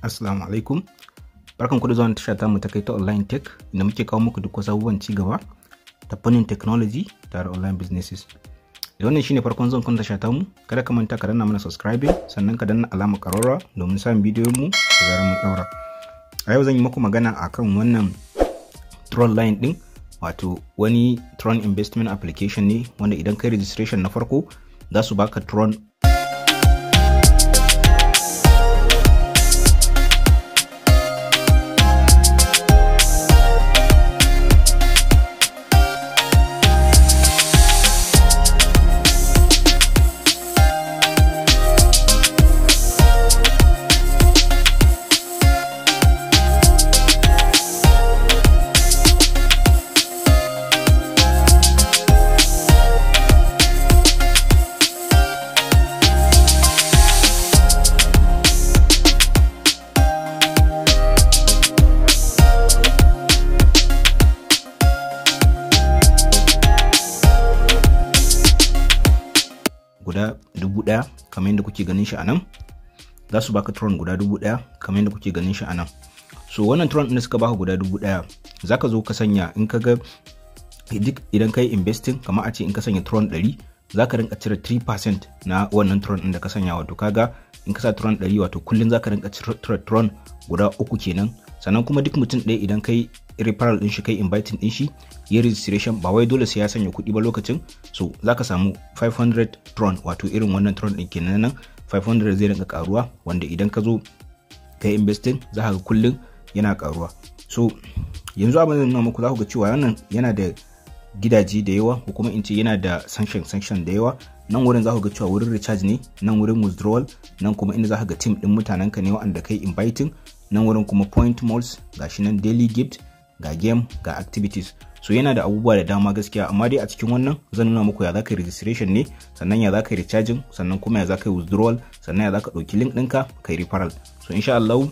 Assalamu alaikum. Barkan ku da zuwa tasha ta mu ta kai ta online tech inda muke kawo muku duk wasu abubuwan ci gaba ta fannin technology tare online businesses. Da wannan shine farkon zan kun tasha ta mu, kada ka manta ka danna mana subscribing sannan ka danna alama karora domin samun bidiyon mu da zarar mun daura. A yau zan yi muku magana akan wannan Tron line din wato wani Tron investment application ne wanda idan kai registration na farko za su baka Tron guda dubu ɗaya kamar yadda kuke ganin shi a nan za su baka tron guda dubu ɗaya kamar yadda kuke ganin shi a nan so wannan tron ɗin suka baka guda dubu ɗaya za ka zo ka sanya in ka ga duk idan ka yi investing kamar a ce in ka sanya tron ɗari za ka rinka cire 3% na wannan tron ɗin da ka sanya wato kaga in ka sa tron ɗari wato kullum za ka rinka cire tron guda uku kenan sannan kuma duk mutum ɗaya idan ka yi referral din shi kai inviting din shi ya registration ba wai dole sai ya sanya kuɗi ba lokacin so zaka samu 500 tron wato irin wannan tron din kenan nan 500 zai rinka karuwa wanda idan ka zo kai investing za ka ga kullun yana karuwa so yanzu abin da nuna muku za ku ga cewa wannan yana da gidaje da yawa ko kuma in ce yana da sanction sanction da yawa nan wurin za ku ga cewa wurin recharge ne nan wurin withdrawal nan kuma inda za ka ga team din ka ne wa'anda kai inviting nan wurin kuma point malls gashi nan daily gift ga game ga activities so yana da abubuwa da dama gaskiya amma dai a cikin wannan zan nuna muku ya zaka registration ne sannan ya zaka recharging sannan kuma ya zaka withdrawal sannan ya zaka ɗauki link ɗinka kai referral so insha Allah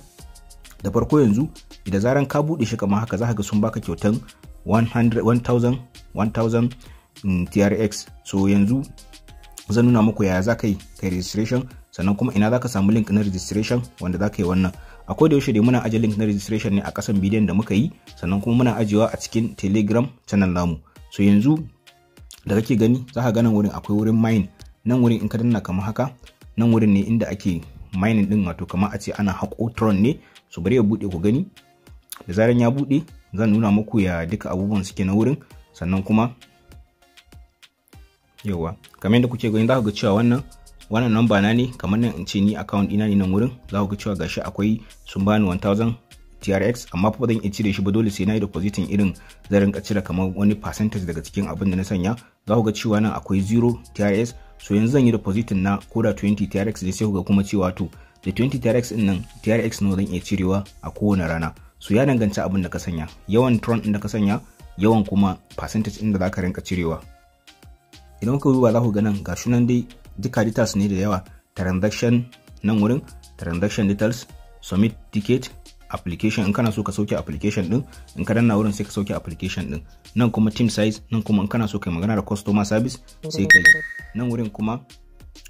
da farko yanzu idan zaran ka buɗe shi kamar haka zaka ga sun baka kyautan 100 1000 1000 TRX so yanzu zan nuna muku ya za ka yi registration sannan kuma ina zaka samu link na registration wanda zaka yi wannan akwai da yaushe dai muna aje link na registration ne a kasan bidiyon da muka yi sannan kuma muna ajiyewa a cikin telegram channel namu so yanzu da kake gani za ka ganin wurin akwai wurin mine nan wurin in ka danna kamar haka nan wurin ne inda ake mining din wato kamar a ce ana hako tron ne so bari ya bude ku gani da zaran ya bude zan nuna muku ya duka abubuwan suke na wurin sannan kuma yawa kamar yadda kuke gani za ku ga cewa wannan wannan namba na ne kamar nan in ce ni account ina ne nan wurin za ku ga cewa gashi akwai sun bani 1000 TRX amma fa zan iya cire shi ba dole sai na yi depositin irin zan rinka cire kamar wani percentage daga cikin abin da na sanya za ku ga cewa nan akwai 0 TRX so yanzu zan yi depositin na koda 20 TRX ne sai ku ga kuma cewa to da 20 TRX din nan TRX nawa zan iya cirewa a kowane rana so ya danganta abin da ka sanya yawan tron din da ka sanya yawan kuma percentage din da zaka rinka cirewa idan kuka duba za ku ga nan gashi nan dai duka details ne da yawa transaction nan wurin transaction details submit ticket application in kana so ka sauke application din in ka danna wurin sai ka sauke application din nan kuma team size nan kuma in kana so kai magana da customer service sai ka yi nan wurin kuma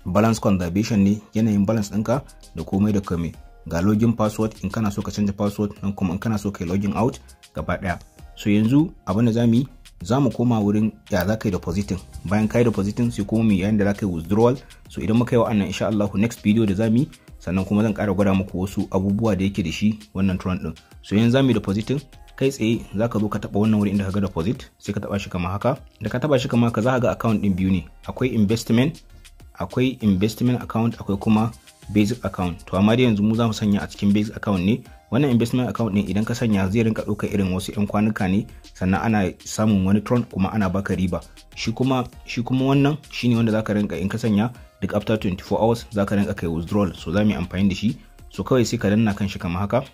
balance conservation ne yanayin balance ɗinka da komai da komai ga login password in kana so ka canja password nan kuma in kana so kai login out gaba daya so yanzu abin da mu yi za mu koma wurin ya za ka yi depositing bayan ka yi depositing sai kuma mu yayin da za ka yi withdrawal so idan muka yi wa'annan insha Allah next video da za mu yi sannan kuma zan ƙara gwada muku wasu abubuwa da yake da shi wannan tron din so yanzu za mu yi depositing kai tsaye za ka zo ka taba wannan wuri inda ka ga deposit sai ka taba shi kamar haka da ka taɓa shi kamar haka za ka ga account ɗin biyu ne akwai investment akwai investment account akwai kuma basic account to amma dai yanzu mu za mu sanya a cikin basic account ne wannan investment account ne idan ka sanya zai rinka ɗauka irin wasu 'yan kwanuka ne sannan ana samun wani tron kuma ana baka riba shi kuma shi kuma wannan shine wanda zaka rinka in ka sanya duk after 24 hours zaka rinka kai withdrawal so za mu amfani da shi so kawai sai ka danna kan shi kamar haka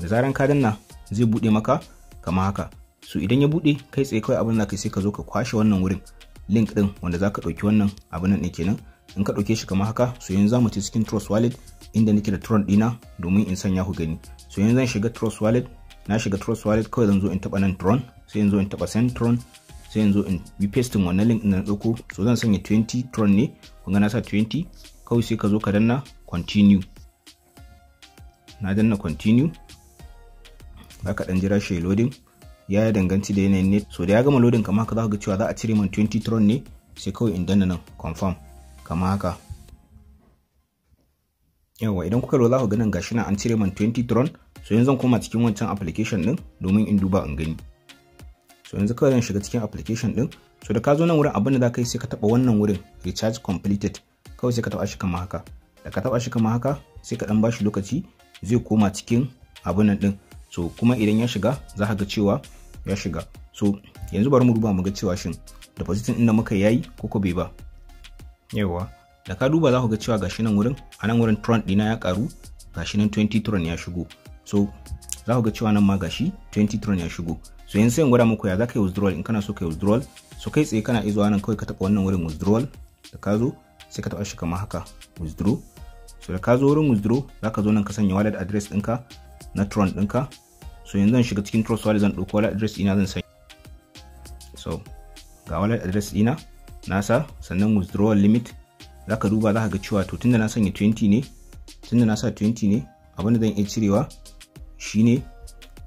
da zaran ka danna zai bude maka kamar haka so idan ya bude kai tsaye kawai abin da kai sai ka zo ka kwashe wannan wurin link din wanda zaka dauki wannan abin nan kenan in ka ɗauke shi kamar haka so yanzu za ci cikin trust wallet inda nake da tron dina domin in sanya ku gani so yanzu zan shiga trust wallet na shiga trust wallet kawai zan zo in taba nan tron sai in zo in taba send tron sai in zo in bi pasting wannan link din na dauko so zan sanya 20 tron ne kun ga na sa 20 kawai sai ka zo ka danna continue na danna continue za ka dan jira shi loading ya danganci da yanayin ne so da ya gama loading kamar haka za ka ga cewa za a cire man 20 tron ne sai kawai in danna nan confirm kamar haka yawa idan kuka lura ku ganin gashi na an cire man 20 tron so yanzu zan koma cikin wancan application din domin in duba in gani so yanzu kawai zan shiga cikin application din so da ka zo nan wurin abin da za ka yi sai ka taba wannan wurin recharge completed kawai sai ka taba shi kamar haka da ka taba shi kamar haka sai ka dan bashi lokaci zai koma cikin abin nan din so kuma idan ya shiga za ka ga cewa ya shiga so yanzu bari mu duba mu ga cewa shin deposit din da muka yayi ko bai ba yawa da ka duba za ku ga cewa gashi nan wurin a nan wurin tron dina ya karu gashi nan 20 tron ya shigo so za ku ga cewa nan ma gashi 20 tron ya shigo so yanzu sai gwada muku ya za ka yi withdrawal in kana so ka yi withdrawal so kai tsaye kana izuwa nan kawai ka taɓa wannan wurin withdrawal da ka zo sai ka taɓa shi kamar haka withdraw so da ka zo wurin withdraw za ka zo nan ka sanya wallet address ɗinka na tron ɗinka so yanzu zan shiga cikin trust wallet zan ɗauko wallet address ina zan sanya so ga wallet address ina nasa sannan withdrawal limit za ka duba za ka ga cewa to tunda na sanya 20 ne tunda na sa 20 ne abin da zan iya cirewa shine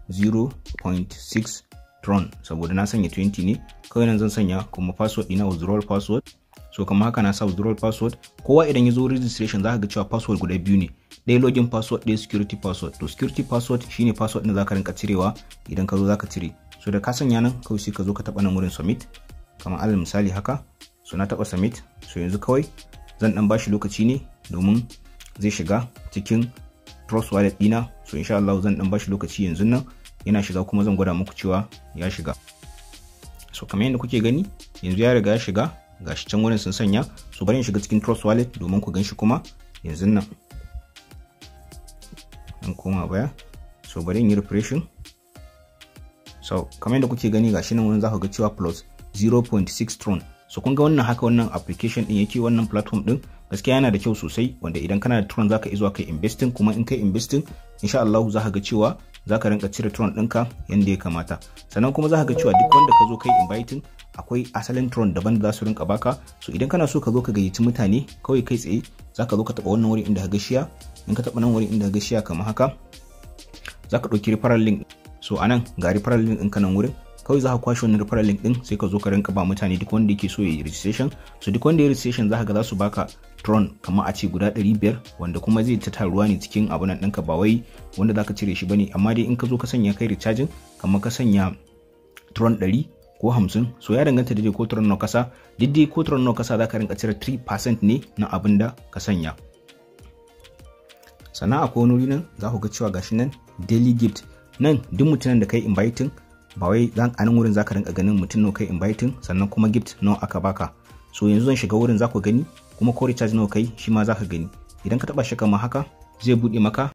0.6 tron saboda na sanya 20 ne kawai nan zan sanya kuma password dina withdrawal password so kamar haka na sa withdrawal password kowa idan ya zo registration za ka ga cewa password guda biyu ne ɗaya login password ɗaya security password to security password shine password ɗin za ka rinka cirewa idan ka zo za ka cire so da ka sanya nan kawai sai ka zo ka taɓa nan wurin submit kamar alal misali haka so na taɓa submit so yanzu kawai zan dan bashi lokaci ne domin zai shiga cikin trust wallet dina so insha Allah zan dan bashi lokaci yanzu nan yana shiga kuma zan gwada muku cewa ya shiga so kamar yadda kuke gani yanzu ya riga ya shiga gashi can wurin sun sanya so bari in shiga cikin trust wallet domin ku ganshi kuma yanzu nan an koma baya so bari in yi refreshing so kamar yadda kuke gani gashi nan wurin za ku ga cewa plus 0.6 tron so kun ga wannan haka wannan application din yake wannan platform din gaskiya yana da kyau sosai wanda idan kana da tron zaka zuwa kai investing kuma in kai investing insha Allah za ka ga cewa za rinka cire tron ka yanda ya kamata sannan kuma za ka ga cewa duk wanda ka zo kai inviting akwai asalin tron daban da za su rinka baka so idan kana so ka zo ka gayyaci mutane kawai kai tsaye za ka zo ka taɓa wannan wuri inda ka shiya in ka taba nan wuri inda ka shiya kamar haka za ka ɗauki referral link so anan ga referral link ɗinka nan wurin kawai za ka kwashe wani referral link din sai ka zo ka rinka ba mutane duk wanda yake so ya yi registration so duk wanda ya registration za ka ga za su baka tron kamar a ce guda 500 wanda kuma zai ta taruwa ne cikin abunan ɗinka ba wai wanda za ka cire shi bane amma dai in ka zo ka sanya kai recharge kamar ka sanya tron 100 ko hamsin so ya danganta da ko turan nawa kasa duk ko turan nawa kasa za ka rinka cire 3% ne na abin da ka sanya sannan akwai wani nan za ku ga cewa gashi nan daily gift nan duk mutumin da kai inviting ba wai zan anan wurin zaka rinka ganin mutum nawa kai inviting sannan kuma gift nawa aka baka so yanzu zan shiga wurin za ku gani kuma ko recharge nawa kai shi ma zaka gani idan ka taba shi kamar haka zai bude maka